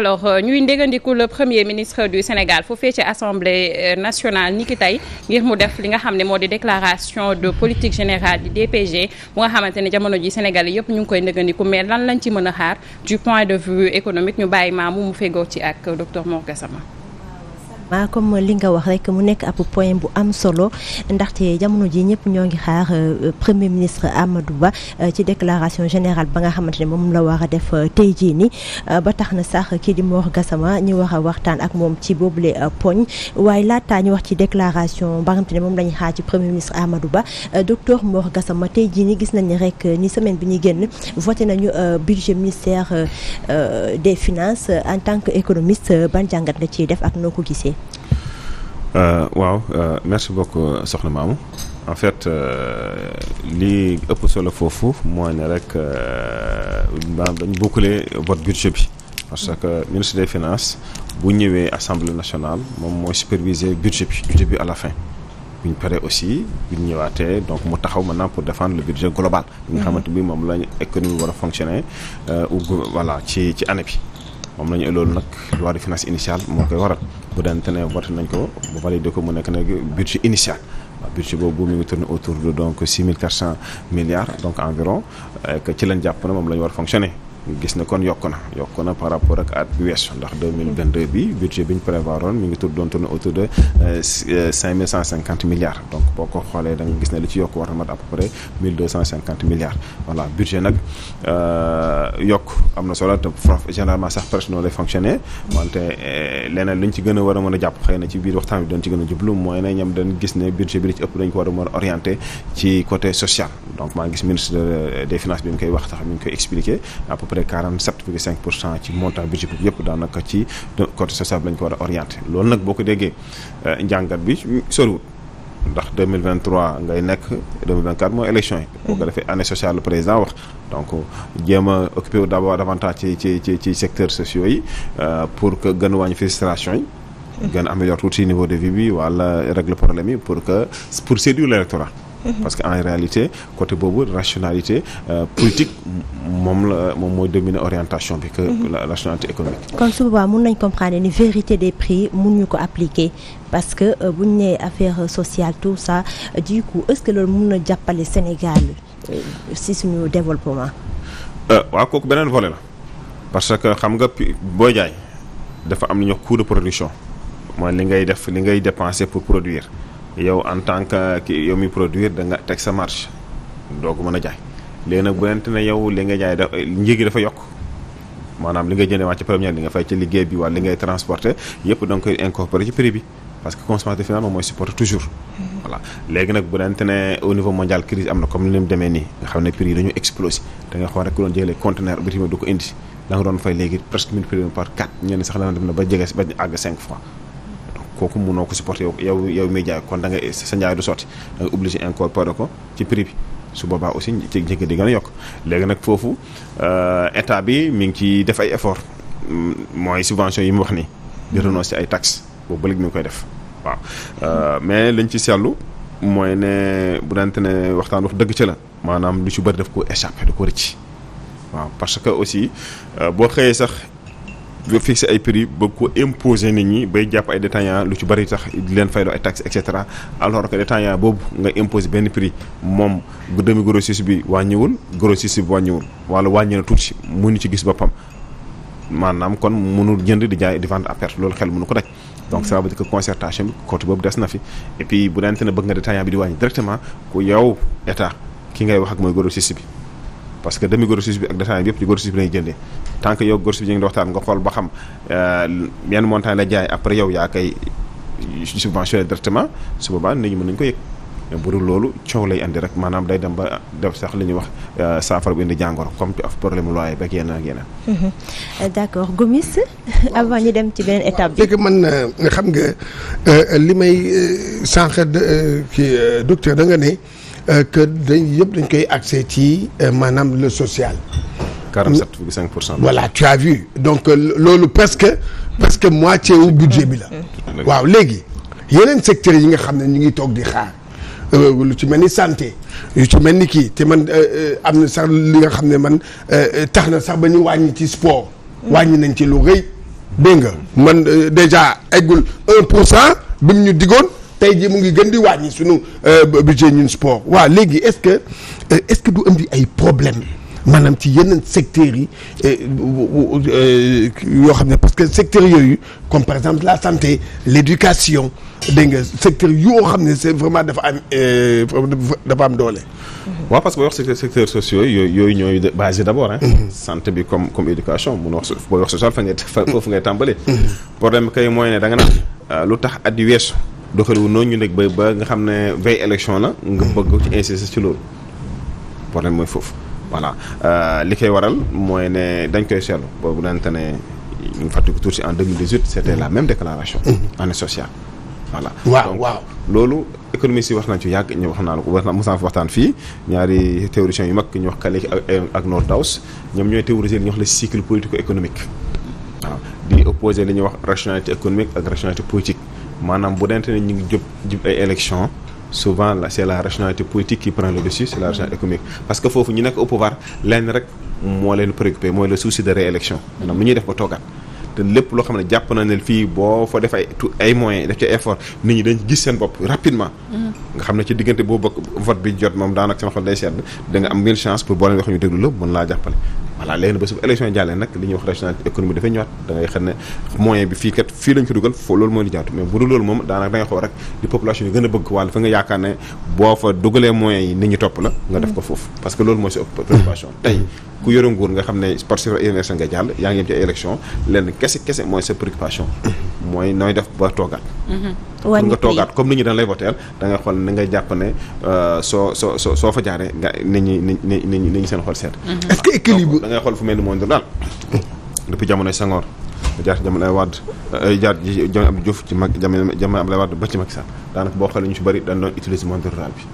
alors euh, ñuy ndégandiku le premier ministre du Sénégal foofee ci assemblée euh, nationale niki tey ngir mu def li nga xam ne moo di déclaration de politique générale du DPG bu nga xamante ni jamono ji Sénégal yëpp ñu ngi koy ndégandiku mais lan lañ ci mën a xaar du point de vue économique ñu bàyyi maamu mu fegoo ci ak docteur Mor Gassama maa comme li nga wax rek mu nekk ab point bu am solo ndaxte jamono ji ñëpp ñoo ngi xaar euh, premier ministre Amadou Ba euh, ci déclaration général ba nga xamante ne moom la war a def euh, tey jii nii ba tax na sax kii di Mor gasama ñu war a waxtaan ak moom ci boobule poñ waaye laataa ñu wax ci déclaration ba ne moom la xaar ci premier ministre Amadou Ba docteur Mor Gassama tey jii nii gis nañu rek ni semaine bi ñuy génn voté nañu budget ministère des finances en tant que économiste ban jàngat nga ciy def ak noo ko gisee. Euh, waaw euh, merci beaucoup euh, soxna Mamou en fait euh, li ëpp solo foofu mooy ne rek euh, maanaam dañ boucler vote budget bi parce que ministre des finances bu ñëwee assemblée nationale moom mooy superviser budget bi budget bi à la fin bu ñu paree aussi bu ñu ñëwaatee donc mu taxaw maintenant pour défendre le budget global bi nga mhm. xamante bi moom lañ économie war a fonctionner ou voilà ci ci année bi moom la ñu nag loi de finance initiale moo koy waral bu dante ne voté nañ ko bu validé ko mu nekk nag budget initial waaw budget boobu mi ngi tourné autour de donc six mille quatre cent milliards donc environ euh, que ci lañ jàpp na moom la war fonctionner gis na kon yokk na yokk na par rapport ak at bi weesu ndax 2022 bi budget bi ñu prévoiroon mi ngi tudd doon tourné autour de euh, milliards donc boo ko xoolee da nga gis ne li ci yokk war na mat à peu près euh, na solo te généralement sax presque noonu lay fonctionner wante euh, leneen li ñu ci gën a war a mën a jàpp xëy na ci biir waxtaan bi doon ci gën a jublu mooy ne ñoom dañ gis ne budget bi li ci ëpp dañ ko war a mën orienté ci côté social donc maa ngi gis ministre des finance bi mu koy wax tax mi ngi koy expliqué près 47,5 pour cent ci montant budget bi yëpp daanaka ci côté social bi lañ ko war a orienté loolu nag boo ko déggee euh, njàngat bi soriwul ndax 2023 ngay nekk 2024 mooy élection yi. boo ko defee année sociale le président wax donc jéem a occupé wu d'abord davantage ci ci ci ci secteurs sociaux yi euh, pour que gën a wàññi frustration yi. Mm-hmm. gën a améliorer tuuti niveau de vie bi wala régler problème yi pour que pour séduire l'électorat parce que en réalité côté boobu rationalité euh, politique moom la moom mooy dominer orientation bi que mhm. la rationalité économique. kon su boobaa mun nañ comprendre ni vérité des prix mun ñu ko appliquer parce que euh, bu ñu nee affaire sociale tout ça du coup ce que loolu mun na jàppale Sénégal euh, si suñu développement. waaw kooku beneen volet la parce que xam nga boo jaay dafa am lu ñuy wax coût de production mooy li ngay def li ngay dépenser pour produire. yow en tant que ki yow mi produire da nga teg sa marge doo ko mën a jaay léegi nag bu nente ne yow li nga jaay da dafa yokk maanaam li nga jëndee wàcc ci première li liggéey bi wala li ngay transporter yëpp da koy incorporer ci prix bi parce que consommateur final mooy supporter toujours mm-hmm. voilà léegi nag bu dante ne au niveau mondial crise am na comme ni mu demee nii nga xam ne prix yi dañu explosé da xool rek ku doon jëlee conteneur bitim du ko indi da ba jege ba àgg 5 kooku munoo ko supporter yow yow miy jaay kon da nga sa njaay du sotti da nga obligé incorporer ko ci prix bi su boobaa aussi ci njëkk di gën a yokk léegi nag foofu euh, état bi mi ngi ci def ay effort mm, mooy subvention yi mu wax ni di mm-hmm. renoncer ay taxes boobu ba léegi mi ngi koy def waaw euh, mais lañ ci seetlu mooy ne bu dante ne waxtaan wax dëgg ca la maanaam lu ci bëri daf koo échappé da ko rëcc waaw parce que aussi euh, boo xëyee sax nga fixé ay prix bëgg ko imposer nit ñi bay jàpp ay détaillants lu ci bari tax di leen fayloo ay taxes et cetera alors que boobu nga imposer benn prix moom demi grossiste bi wàññiwul grossiste bi wàññiwul wala wàññi na tuuti mënu ci gis boppam maanaam kon mu mënul jënd di jaay di vente à loolu xel mënu ko daj. donc ça veut dire que concertation bi côté boobu des na fi et puis bu daan ne bëgg nga détaillant bi di wàññi directement ku yow état ki ngay wax ak mooy grossiste bi. parce que demi grossiste bi ak détaillant bi yëpp ci grossiste bi lay jëndee tant yow grossiste bi ñu ngi waxtaan nga xool ba xam euh, yan montant la jaay après yow yaa koy subventionné directement su boobaa nit ñi mën nañu ko yëg bu dul loolu coow lay andi rek maanaam day dem ba def sax li wax euh, saafara bu indi jàngoro comme af problème loyer beeg yeneen ak yeneen. Mm-hmm. Euh, d'accord Gomis avant dem ci beneen étape bi. léegi man xam nga li may sànq kii docteur da nga ne. Euh, que dañ yëpp dañ koy accès ci euh, maanaam le social. 47,5 pour cent. voilà tu as donc euh, loolu presque presque moitié wu budget bi la. Mm. waaw léegi yeneen secteurs yi nga xam ne ñu ngi toog di xaar. lu ci mel ni santé lu ci mel ni kii te man am na sax li nga xam ne man tax na sax ba ñu wàññi ci sport. Mm. wàññi nañ ci lu rëy. dégg nga man déjà eggul 1 pour bi ñu digoon. tey jii mu ngi gën di wàññi suñu euh, budget ñun sport waaw léegi est-ce que euh, est-ce que du indi ay problème maanaam ci yenn secteurs yi euh, yoo xam ne parce que secteurs yooyu comme par exemple la santé l'éducation dégg nga secteur yoo xam ne c'est vraiment dafa am dafa am doole. waaw mm-hmm. parce que booy wax secteur sociaux yooyu yooyu ñooy basé d'abord. Mm-hmm. santé bi comme comme éducation mun wax booy wax social fa ngay mm-hmm. foofu ngay tàmbalee. problème kay mooy ne da nga naan lu tax at yu weesu. doxaliwu noonu ñu nekk ba ba nga xam ne veille élection la nga bëgg ci insister ci loolu problème mooy foofu voilà euh, li koy waral mooy ne dañ koy seetlu boobu dante ne ñu ngi fàttali ko tuuti en 2018 c'était la même déclaration mm-hmm. année sociale voilà waaw waaw loolu économiste yi wax nañ ci yàgg ñu wax naa la ko wax naa mos naa waxtaan fii ñaari théoriciens yu mag ñu wax Kaleki ak ak Nordhaus ñoom ñooy théoriser li ñuy wax le cycle politico économique waaw di opposer li ñuy wax rationalité économique ak rationalité politique maanaam bu dente ne ñu ngi jub jub ay élection souvent la c'est la rationalité politique qui prend le dessus c'est la rationalité économique parce que foofu ñu nekk au pouvoir lenn rek mm. moo leen préoccupé mooy le souci de réélection maanaam lu ñuy def ba toogaat te lépp loo xam ne jàpp na ne fii boo fa def ay ay moyens def ci effort nit ñi dañ gis seen bopp rapidement. Mm. nga xam ne ci diggante boo bokk vote bi jot moom daanaka sama xol day sedd da nga am mille chance pour boo leen wax ñu déglu la mën laa jàppale. voilà léegi ba su élection yi jàllee nag li ñuy wax rationalité économique dafay ñëwaat da ngay xam fii kat fii lañ ko dugal foo moo rek di population yi gën a bëgg wàll fa nga yaakaar ne boo fa dugalee moyens yi nit ñi topp la nga def ko foofu parce que loolu mooy si préoccupation tey ku yore nguur nga xam ne parce que élection nga jàll yaa ngi yem ci élection lenn kese kese mooy sa préoccupation mooy nooy def ba toogaat pour nga toogaat comme nit ñi dañ lay voteel da nga xool na xol seet mhm. est-ce que équilibre da fu mel ni moom daal depuis jamonoy Senghor jaar jamono ay Wade euh, jaar jamono Abdou Diouf ci mag jamono jamono Abdoulaye Wade ba ci Macky Sall daanaka boo xoolee ñu ci bëri dañ doon utiliser monde rural bi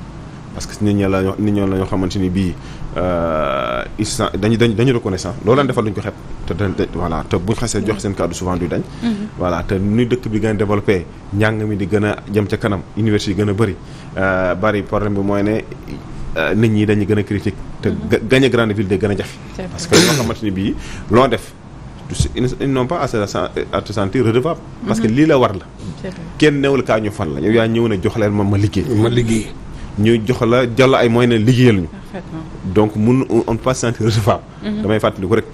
parce que nit ñi la nit ni bii euh, ils sont dañu dañu dañu reconnaissant loolu leen defal duñ ko xeeb te te voilà te buñ xasee jox seen kàddu souvent du dañ. Mm-hmm. voilà te ni dëkk bi gën a développé njàng mi di gën a jëm ca kanam université gën a bëri euh, bëri problème bi mooy ne. Euh, nit ñi dañuy gën a critique te mm-hmm. gagné grande ville de gën a jafe parce que loo xamante ni bii loo def ils n'ont pas redevable parce que mm-hmm. lii la war la kenn newul kaa ñu fan la yow yaa ñëw ne jox ma ma liggéey ñu jox la jàll ay moyens ne liggéeyal ñu. donc mun on ne peut pas se sentir recevable. damay fàttaliku rek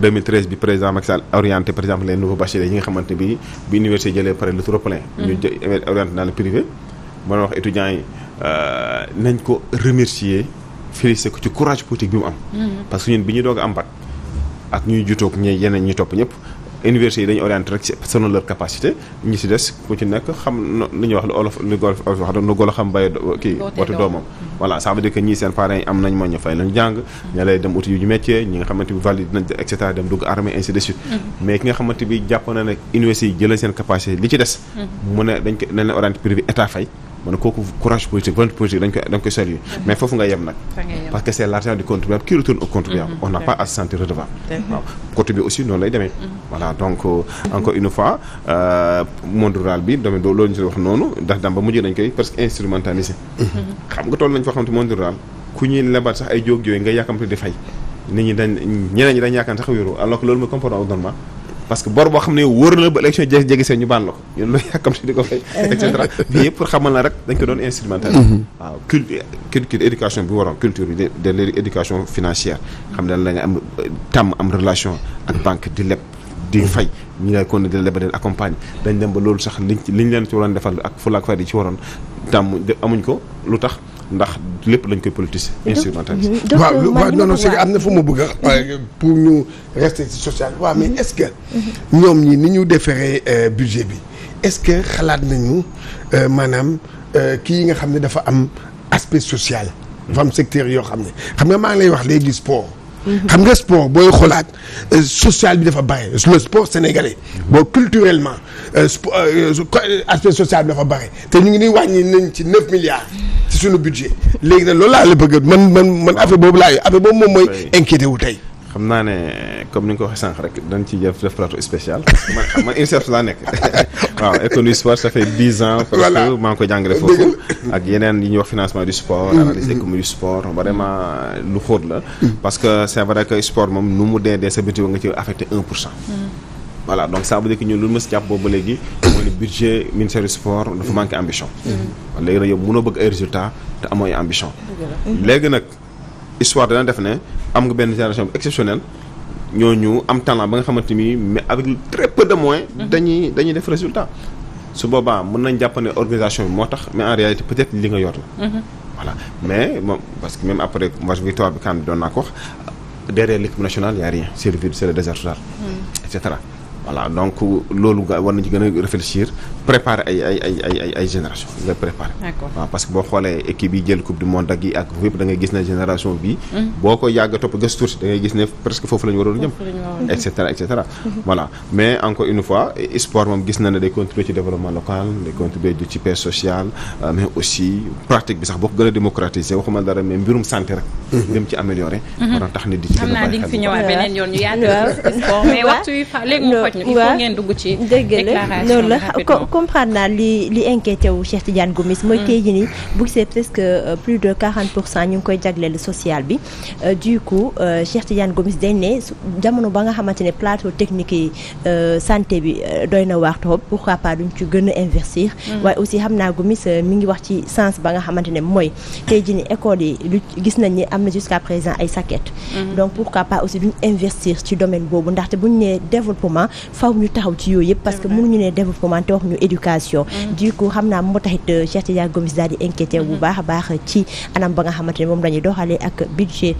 2013 bi président Macky Sall orienté par exemple les nouveaux bacheliers yi nga xamante bi bi université jëlee pare le trop plein. Mhm. ñu jë orienté dans le privé. mën wax étudiants yi euh, nañ ko remercier félicité ko ci courage politique bi mu am. Mhm. parce que ñun bi ñu doog am bac ak ñuy jutoog ñooy yeneen ñu topp ñëpp. université yi dañu orienté rek ci selon capacité ñi si des ku ci nekk xam lu ñuy wax lu olof lu golof wax lu golo xam bay kii watu doomam voilà ça veut dire que ñii seen parents yi am nañ moo ñu fay lañu jàng ña dem uti yu métier ñi nga xamante bi valide nañ et cetera dem dugg armée ainsi de suite mm-hmm. mais ki nga xamante bi jàpp na ne université yi seen capacité li ci des mm-hmm. mu ne dañ ko nañ leen orienté privé état fay ma ne kooku courage politique volonté politique dañ koy dañ koy saluer mais foofu nga yem nag parce que c'est l'argent du contribuable qui retourne au contribuable mm-hmm. on n'a pas à se sentir redevable bi aussi noonu lay demee mm-hmm. voilà donc euh, encore une fois euh, monde rural bi domaine boobu loolu ñu wax noonu ndax dam ba mujj dañ koy presque instrumentaliser mm-hmm. xam nga toll nañ foo xam ne monde rural ku ñuy lebal sax ay jóog yooyu nga yàkkamte di fay nit ñi dañ ñeneen ñi dañ yaakaar sax wéeru alors que parce que bor boo xam ne wóor na ba élection jege jege seen ñu baal la ko ñun looy yàkkam si di ko fay et bi yëpp pour xamal na rek dañ ko doon instrumental mhm. waaw culture culture bi waroon culture de l'éducation financière xam ne la nga am tàmm am relation ak banque di leb di fay ñu lay kon dina leba leen accompagne dañ dem ba loolu sax liñ liñ leen ci waroon defal ak fulaak fay di ci waroon tàmm amuñ ko lu tax ndax lépp lañ koy politiser. instrumentaliser euh, waaw euh, waaw non non c'est am na fu ma bëgg a. pour ñu rester ci social waaw mais mm-hmm. est-ce que. Mm-hmm. ñoom ñi ni ñu deferee euh, budget bi est-ce que xalaat nañu maanaam kii nga xam ne dafa am aspect sociale mm-hmm. dafa am secteur yoo xam ne xam nga maa ngi lay wax léegi sport. xam nga sport booy xoolaat euh, social bi dafa bare le sport sénégalais boo culturellement euh, euh, aspect social bi dafa bare te ñu ngi ni wàññi nañ ci neuf milliards ci suñu budget léegi na loolu laa la bëgg man man man affaire boobu laa yu affaire boobu moom mooy inquiété wu tey xam naa ne comme ni nga ko waxee sànq rek dañ ci def def plateau spécial parce que man man INSEP laa nekk waaw économie sport ça fait dix ans. voilà parce que maa ngi koy jàngale foofu. ak yeneen yi ñuy wax financement du sport. Mm. analyse économie du sport mm. vraiment lu xóot la. Mm. parce que c' est vrai que sport moom nu mu dee dee sa budget nga ci affecté un pour cent. voilà donc ça veut dire lu ma si jàpp boobu ba léegi. mooy ne budget ministère du sport dafa manqué ambition. léegi nag yow mënoo bëgg ay résultats te amoo ay léegi nag. histoire dana def ne am nga benn génération bu ñoo ñu am talent ba nga xamante ni mais avec très peu de moyens. Mhm. dañuy dañuy def résultat. su boobaa mën nañ jàpp ne organisation bi moo tax mais en réalité peut-être li nga yor la. Mhm. voilà mais moom parce que même après match victoire bi kan bi doon naa ko wax derrière l'équipe nationale y a rien c'est le désert total. Mhm. et voilà donc loolu nga war nañ ci gën a réfléchir préparer ay ay ay ay ay ay génération nga préparer waaw parce que boo xoolee équipe yi jël coupe du monde ak yi ak foofu yëpp da gis ne génération bi hmm. boo ko yàgg a topp gëstu tuuti da ngay gis ne presque foofu la ñu waroon jëm et cetera et mais encore une fois sport moom gis na ne day contribuer ci développement local day contribuer du ci paix sociale euh, mais aussi pratique bi sax boo ko gën a démocratiser waxuma dara mais mbirum santé rek dem hmm. ci améliorer waroon hmm. tax di ñu. il dugg ci déclaration loolu la comprendre naa li li inquiété wu Cheikh Tidiane Gomis. mooy mm. tey jii nii bu gisee presque euh, plus de 40 pour cent ñu ngi koy jagleel social bi euh, du coup euh, Cheikh Tidiane Gomis dañ ne jamono ba nga xamante ne plateau technique yi santé bi doy na waar trop pourquoi pas duñ ci gën a investir. Mm. waaye aussi xam naa Gomis mi ngi wax ci sens ba nga xamante ne mooy tey ji nii école yi lu gis nañ ni am na jusqu'à présent ay saket mm-hmm. donc pourquoi pas aussi duñ investir ci domaine boobu ndaxte buñ nee développement faw ñu taxaw ci yooyu yëpp parce que mënuñu ne développement te wax ñu éducation mm-hmm. du xam naa moo taxit euh, Cheikh Tidiane Gomis daal di inquiété bu mm-hmm. baax a baax ci anam ba nga xamante ne moom la ñuy doxalee ak budget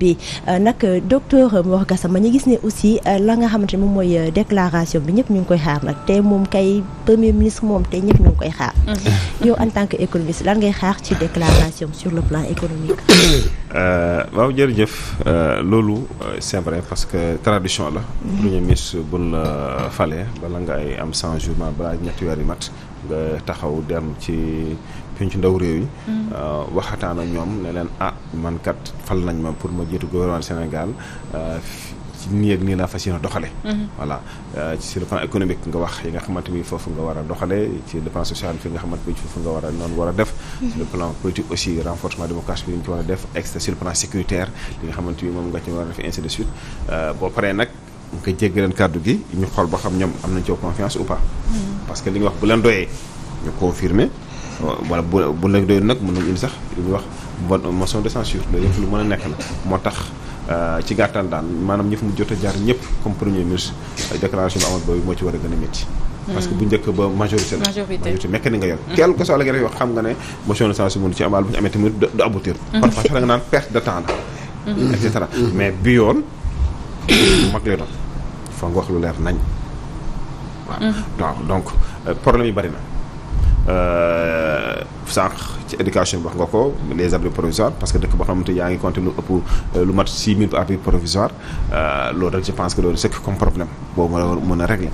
bi euh, nag euh, docteur Mor Gassama ñu gis ne aussi la nga xamante ne moom mooy déclaration bi ñëpp ñu ngi koy xaar nag te moom kay premier ministre moom te ñëpp ñu ngi koy xaar mm-hmm. yow en tant que économiste lan ngay xaar ci déclaration sur le plan économique Euh, waaw jërëjëf euh, loolu euh, c'est vrai parce que tradition la. Mhm. premier ministre buñ la falee bala nga am 100 jours ma ñetti weer yu mat nga taxaw dem ci penc ndaw réew yi. Mhm. waxataan ak ñoom ne leen ah man kat fal nañ ma pour ma jiitu gouvernement Sénégal. ci nii ak nii laa fas yéene doxale mhm. voilà euh, ci le plan économique nga wax yi nga xamante ni foofu nga war a doxale ci le plan social fi nga xamante foofu nga war a noonu war a def mhm. ci le plan politique aussi renforcement démocratie bi ñu ci war def extra sur plan sécuritaire li nga xamante moom nga ci war def ainsi euh, boo paree nag nga jégg leen kàddu gi ñu xool boo xam ñoom am nañ ci confiance ou mhm. parce que li nga wax bu leen doyee ñu confirmer wala bu bu la nag mën nañ indi sax li wax motion de censure loolu yëpp lu a nekk moo tax Euh, ci gàttan daan maanaam ñi fi mu jot a jaar ñëpp comme premier ministre déclaration bi Amadou Ba moo ci war a gën a métti parce que bu njëkk ba majorité la majorité mekk ni nga yor quel que soit la xam nga ne motion de censure mënu ci amaal bu ñu amee tamit du aboutir mhm. parfois sax da nga naan perte de temps la mhm. et mhm. mais bii yoon mag lay doon fa nga wax lu leer nañ waaw donc euh, problème yi bari na Euh, sànq ci éducation bi wax nga ko les abris provisoires parce que dëkk boo xamante yaa ngi compté lu ëpp euh, lu mat 6000 abris provisoires euh, loolu rek je pense que loolu sëkk comme problème boobu mën a régler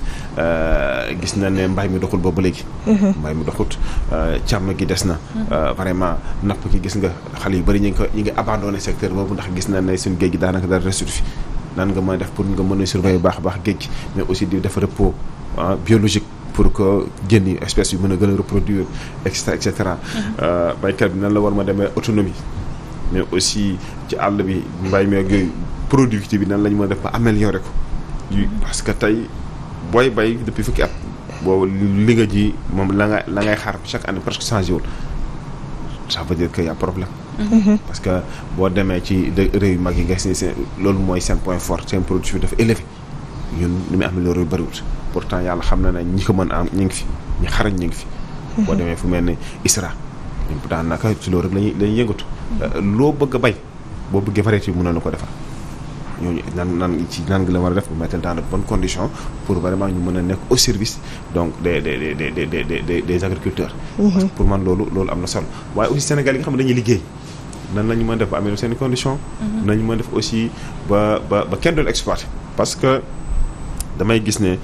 gis na ne mbay mi doxul boobu léegi. Mhm. mbay mi doxut càmm gi des na. Mhm. vraiment napp gi gis nga xale yu bëri ñu ngi ko secteur boobu ndax gis na ne suñu géej daanaka dara resut fi nan nga mën a def pour nga mën a surveiller baax a baax géej gi mais aussi di pour que jën yi espèce yu mën a gën a reproduire et cetera et cetera. Mhm. Euh, baykat bi nan la war ma demee autonomie mais aussi ci àll bi mbay mi ak yooyu productivité bi nan la ñu mën def ba améliorer ko. parce que tey booy bay depuis fukki at boobu li nga ji moom la nga la ngay xaar chaque année presque changé wul ça veut dire que y problème. Mhm. parce que boo demee ci réew yu mag yi nga gis seen loolu mooy seen point fort seen productivité dafa élevé ñun li muy amélioré yu bëriwul. pourtant yàlla xam na ne ñi ko mën am ñu ngi fi ñi xarañ ñu ngi fi. Mhm. boo demee fu mel ni ISRA. ñun daanaka ci loolu rek lañuy lañuy yëngatu. Mhm. loo bëgg a bay boo bëggee variété bi mën na la ko defar. ñooñu nan nan ci nan la war a def bu mettre dans de bonnes ñu mën a nekk au service donc des des des des des des des mhm. man loolu loolu am na solo waaye aussi Sénégal yi nga xam ne la ñu mën def ba amee seen condition nañu mën def aussi ba ba ba kenn doon exploité parce que damay gis ne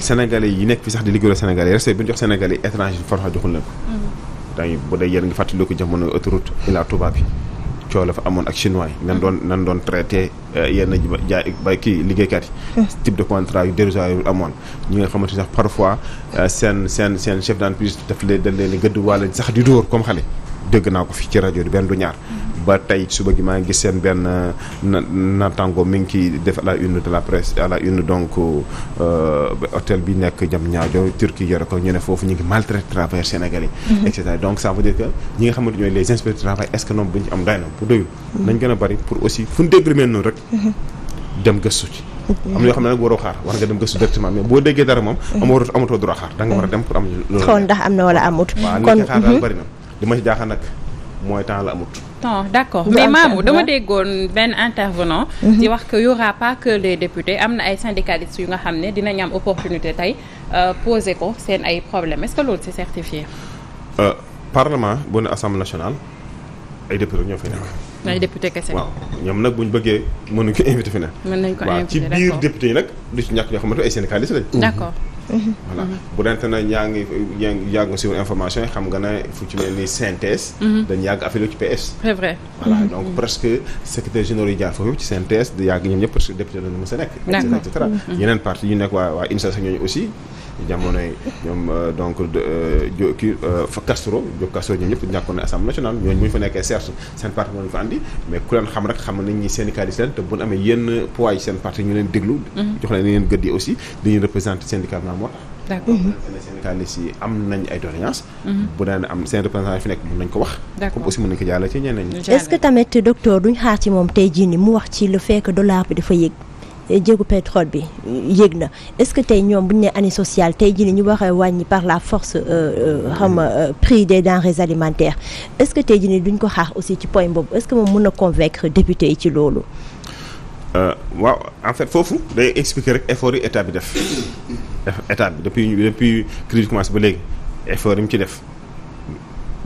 sénégalais yi nekk fi sax di liggéeyal sénégalais respect bi ñu jox sénégalais étranger Farokh joxul leen ko. daañu mm-hmm. bu dee yéen a ngi fàttaliku jamono autoroute Ila Touba bi coow la fa amoon ak chinois yi. nan doon nan doon traité euh, yenn jaay ba kii liggéeykat yi. type de contrat yu dérisoire yu amoon. ñi nga xamante sax parfois euh, seen seen seen chef d'entreprise daf leen dañ leen gëdd wala sax di dóor comme xale. dégg naa ko fi ci rajo bi benn du ñaar. Mm-hmm. ba tey suba gi maa ngi gis seen benn euh, na natango mi ngi ciy def la une de la presse la une donc euh, hôtel bi nekk jam ñaajo Turquie yore ko ñu foofu ñu ngi maltraiter travailleurs sénégalais mm-hmm. et cetera donc ça veut dire ñi nga xamante ñooy les inspecteurs du est ce que bu ñu ci am doy na bu doyul mm-hmm. nañ gën a bari pour aussi fu ñu dégg mel noonu rek mm-hmm. dem gëstu ci am na yoo xam ne nag waroo xaar war nga dem gëstu directement mais boo déggee dara moom amatoo amatoo droit xaar a na wala amut kon xaar daal na li ma ci jaaxal nag mooy temps d'accord mais Mamou dama déggoon benn intervenant mhm. di wax que y aura pas que les am na ay syndicalistes yu nga xam ne dinañ am opportunité tey euh, poser ko seen ay problèmes est-ce que loolu c'est certifié euh, parlement boo ne assemblée nationale ay député ñoo fi nekk ay député kese waaw ñoom nag buñ bëggee mënuñ ko invité fi ne mën nañ ko invité waaw ci d'accord voilà bu dente na ñaa ngi yàgg nga suivre information yi xam nga ne fu ci mel ni synthèse mhm. dañu yàgg affilié ci PS c'est vrai voilà mhm. donc presque secrétaire général yi jaar foofu yëpp ci synthèse yàgg ñoom ñëpp parce que député la ñu mës a nekk et cetera mhm. yeneen parti ñu nekk waa waa INSA ñooñu aussi jamonoy ñoom euh, donc euh, jo kii euh, fa Castro jo Castro ñoom ñëpp ñàkkoon na assemblée nationale ñooñu bu ñu fa nekkee certes seen parti moo ñu fa mm-hmm. jox leen leen gëdd aussi dañuy représenté syndicat bi mm-hmm. wax. comme aussi mën nañ ko jàllale ci ñeneen ñi. est tamit docteur duñ xaar ci moom tey jii mu wax ci le fait dollar bi dafa yéeg. jéegu pétrole bi yéeg na est-ce que tey ñoom bu ñu nee année sociale tey jii ñu waxee wàññi par la force euh, euh, xam euh, prix des denrées alimentaires est-ce que tey jii nii duñ ko xaar aussi ci point boobu est-ce que moom mën a convaincre député yi ci loolu. waaw en fait foofu day expliquer rek effort yi état bi def état bi depuis depuis crise commencé ba léegi effort yi mu ci def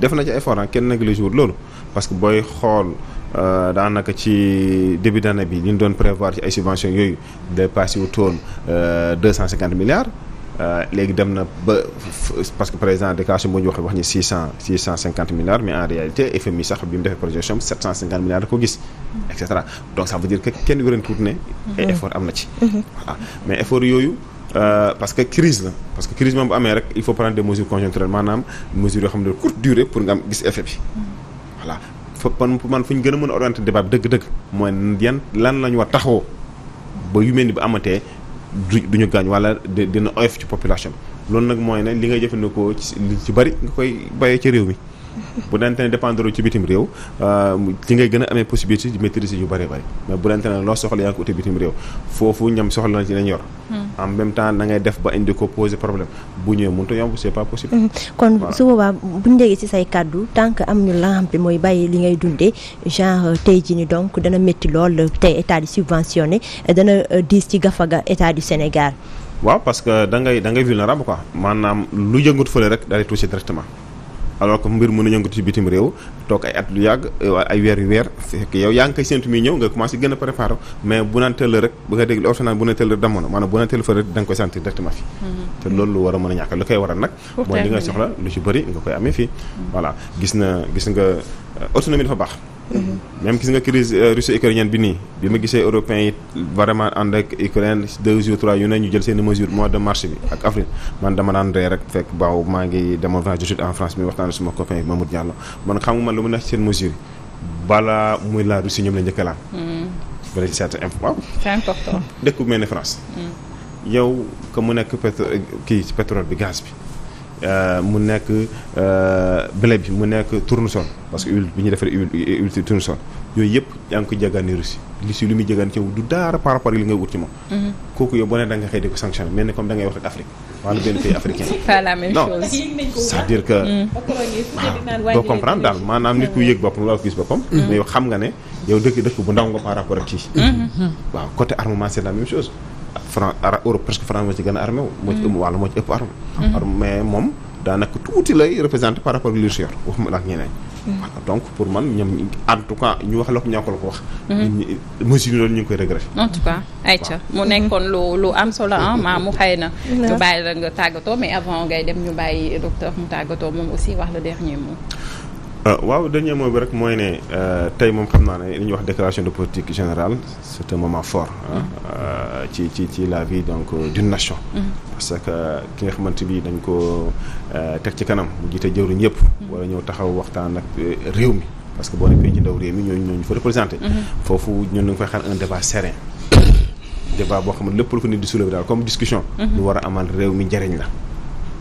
def na ci effort ah kenn nag le loolu parce que booy xool. Euh, daanaka ci début d'année bi ñu doon prévoir ci ay subventions yooyu dépassé wu toon euh, deux cent cinquante milliards. Euh, léegi dem na ba parce que président déclaration bu ñu wax wax ni milliards mais en réalité FMI sax bi mu defee projection milliards ko gis. et cetera donc ça veut dire que kenn wérén tuut ne. Mm-hmm. effort am na ci. Mm-hmm. mais effort yooyu. Euh, parce que crise la parce que crise moom bu amee rek il faut prendre des mesures maanaam mesures yoo xam ne courte durée pour nga man fu ñu gën a mën a orienté débat bi dëgg-dëgg mooy yan lan la ñu war taxawoo ba yu mel ni bu amatee du du ñu gaañ wala dina oyof ci population loolu nag mooy ne li ngay jëfandikoo ci ci bari nga koy bàyyee ci réew mi. bu dante ne dépendre ci bitim réew euh, ci ngay gën a amee possibilité di yu bari bari mais bu dante loo soxla yaa ngi ko ute bitim réew foofu ñam soxla na ci lañ yor hmm. en même temps na ngay def ba indi ko poser problème bu ñëwee mënut a yomb c'est pas possible hmm. kon su boobaa buñ déggee ci say kàddu tant que am ñu la xam te mooy bàyyi li ngay dundee genre euh, tey ji ni donc dana métti lool tey état di subventionné dana euh, diis ci gafaga état du Sénégal waaw parce que da ngay da ngay vulnérable quoi maanaam lu yëngut fële rek daal di touché alors que mbir mën a yëngatu ci bitim réew toog ay at lu yàgg ay weer yu weer fekk yow yaa ngi koy séntu muy ñëw nga commencé gën a préparé mais bu naan teel rek ba nga dégg ordonnance bu naan teel rek damoon maanaam bu naan teel fa rek da nga koy sentir directement fi mm-hmm. te loolu lu war a mën a ñàkk lu koy waral nag mooy li nga soxla lu ci bëri nga koy amee fii voilà gis na gis nga euh, autonomie dafa baax Mhm. même gis nga crise euh, russo ukrainienne bi nii bi ma gisee européens yi vraiment ànd ak Ukraine deux jours trois yu ne ñu jël seen mesure mois de mars bi ak avril man dama daan ree rek fekk baaw maa ngi demoon voyage d'études en France mi waxtaan suma copain yi Mamoud Diallo man xamuma man lu mu nekk seen mesure balaa muy la Russie ñoom la njëkk a laal bala ci seet waaw c'est important mel ne France mhm. yow que mu nekk pétrole kii pétrole bi gaz bi Euh, mu nekk euh, blé bi mu nekk tournesol parce que huile bi ñuy defaree huile huile tournesol yooyu yëpp yaa ngi ko jéggaani Russie si lu muy jéggaani ci du dara par rapport ak li ngay wut ci moom. Mhm. kooku yow boo nee da nga xëy di ko sanctionné mel ni comme da ngay wax ak Afrique wala benn pays africain. c'est pas la même chose non que. Mhm. waaw doo comprendre daal maanaam nit ku yëg boppam wala ku gis boppam. Mhm. mais yow xam nga ne yow dëkk dëkk bu ndaw nga par rapport ak kii. waaw côté armement la France Europe presque France moo ci gën a armé wu. moo ci ëpp wàll moo ci ëpp mm-hmm. tuuti lay représenté par rapport ak li ñu waxuma la donc pour man ñoom en ñu wax la ko ñàkkul ko wax. Mm-hmm. mesure loolu ñu ngi koy regret. en tout cas ayca mu nekkoon lu lu am solo ah mm-hmm. maamu xëy na. ñu bàyyi la nga tàggatoo mais avant ngay dem ñu bàyyi docteur mu tàggatoo moom aussi wax le dernier mot. Euh, waaw dernier mot bi rek mooy ne euh, tey moom xam naa ne li ñuy wax déclaration de politique générale c'est un moment foor mm-hmm. euh, ci ci ci la vie donc d'une nation mm-hmm. parce que ki nga xamante bi dañ ko teg ci kanam mu jiite jëwriñ yëpp mm-hmm. wala ñëw taxaw waxtaan ak réew mi parce que boo nekkee ci ndaw réew mi ñooñu fa représenté foofu ñun ñu ngi fay xaar un débat serein débat boo xam ne lépp lu ko nit di soulever daal comme discussion lu war a amal réew mi njariñ la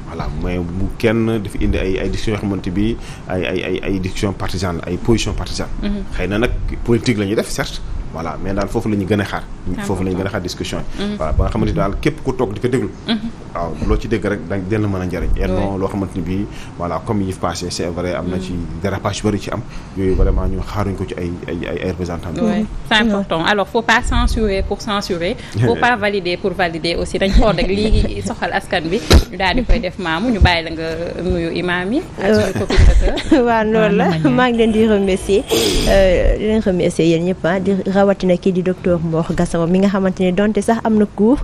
voilà mais bu kenn dafa indi ay ay décisions bi ay ay ay ay décision partisane ay position partisane mm-hmm. xëy na nag politique la ñuy def certes voilà mais daal foofu la ñu a xaar foofu la ñu gën a xaar discussion yi mhm. voilà ba nga xamante ni daal képp ku toog di ko déglu mhm. waaw loo ci dégg rek da dina mën a njëriñ et non loo xamante ni bii voilà comme yi passé c'est vrai am na mhm. ci dérapage bëri ci am yooyu vraiment ñu daal di def maamu ñu bàyyi la nga nuyu imaam yi euh, waaw loolu la maa ngi leen di remercier euh, di leen remercier yéen ah, rawatina kii di doctor Mor Gassama mi nga xamante ne donte sax am na cours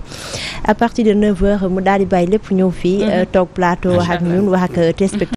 à de 9h mu daal di bàyyi lépp ñëw fii mhm. euh, toog plateau wax ak ñun wax ak euh, téléspectateurs